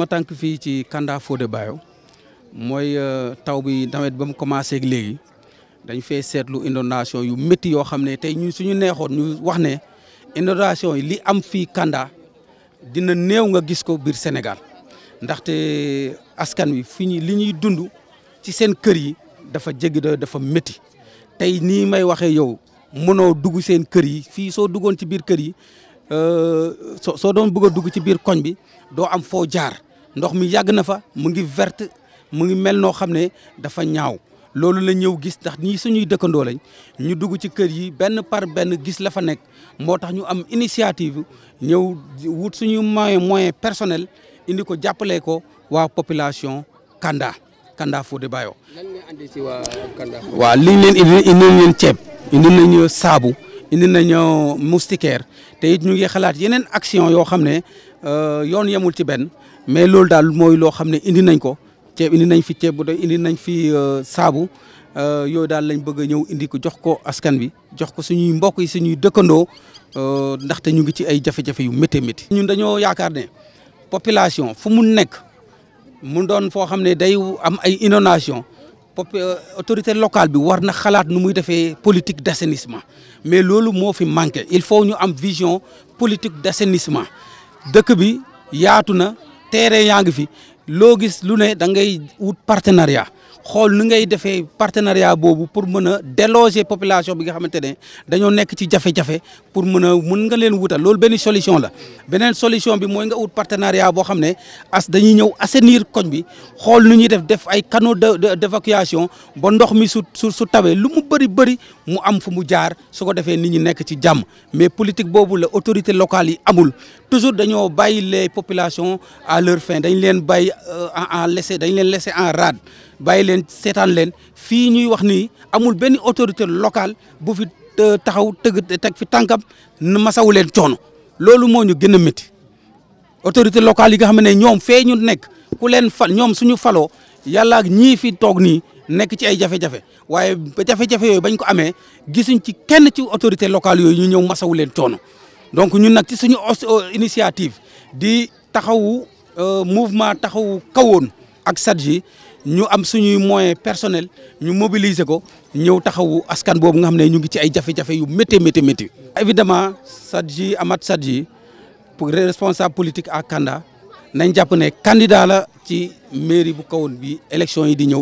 ma tànk fii ci Kanda Fodé Bayo mooy euh, taw bi nawet ba mu commencé ak léegi dañ fee seetlu inondation yu métti yoo xam ne tey ñu suñu neexoon ñu wax ne inondation yi li am fii Kanda dina néew nga gis ko biir senegal ndaxte euh, askan wi fii ñi li ñuy dund ci seen kër yi dafa jéggi dafa métti tey nii may waxe yow mënoo dugg seen kër yi fii soo duggoon ci biir kër yi Euh, so soo doon bëgg a dugg ci biir koñ bi doo am foo jaar ndox mi yàgg na fa mu ngi verte mu ngi mel noo xam ne dafa ñaaw loolu la ñëw gis ndax ñii suñuy dëkkandoo lañ ñu dugg ci kër yi benn par benn gis la fa nekk moo tax ñu am initiative ñëw wut suñu moyen moyen personnel indi ko jàppale ko waa population Kanda Kanda Fodé Bayo. lan nga ci waa Kanda. waaw liñ leen indi indi leen ceeb saabu. indi nañu moustiquaire te it ñu ngi xalaat yeneen action yoo xam ne euh, yoon yemul ci benn mais loolu daal mooy loo xam ne indi nañ ko ceeb indi nañ fi ceeb bu doy indi nañ fi euh, saabu euh, yooyu daal lañ bëgg a ñëw indi ko jox ko askan bi jox ko suñuy mbokk yi suñuy dëkkandoo ndaxte ñu ngi ci ay jafe-jafe yu métti métti. ñun dañoo yaakaar ne population fu mun nekk mun doon foo xam ne day am ay inondation Euh, autorité locale bi war na xalaat nu muy defee politique d' assainissement mais loolu moo fi manqué il faut ñu am vision politique d' assainissement dëkk bi yaatu na terrain yaa ngi fi loo lu ne da ngay wut partenariat xol nu ngay defee partenariat boobu pour mën a déloger population bi nga xamante ne dañoo nekk ci jafe-jafe pour mën a mën nga leen wutal loolu benn solution la beneen solution bi mooy nga ut partenariat boo xam ne as dañuy ñëw assainir koñ bi xool nu ñuy def def ay canaux de d'évacuation ba ndox mi su su su tawee lu mu bëri bëri mu am fu mu jaar su ko defee nit ñi nekk ci jàmm mais politique boobu la autorité locale yi amul toujours dañoo bàyyi les populations à leur fin dañ leen bàyyi euh, en laisser dañ leen laisser en rade bàyyi leen seetaan leen fii ñuy wax ni amul benn autorité locale bu fi euh, taxaw tëgg teg fi tànkam masawu leen coono loolu moo ñu gën a métti autorité locale yi nga xam ne ñoom fee ñu nekk ku leen fal ñoom suñu falo yàlla ak ñii fi toog nii nekk ci ay jafe-jafe waaye ba jafe-jafe yooyu bañ ko amee gisuñ ci kenn ci autorité locale yooyu ñu ñëw masawu leen coono donc ñun nag ci suñu euh, initiative di taxaw euh, mouvement taxaw kawoon ak SADG Nous am suñuy moyens personnels, nous mobiliser ko ñëw taxawu askan boobu nga xam ne ñu ngi ci ay jafe yu évidemment Sadji Amat Sadji pour responsable politique à Kanda nous avons un candidat la ci mairie bu kawoon bi élection yi di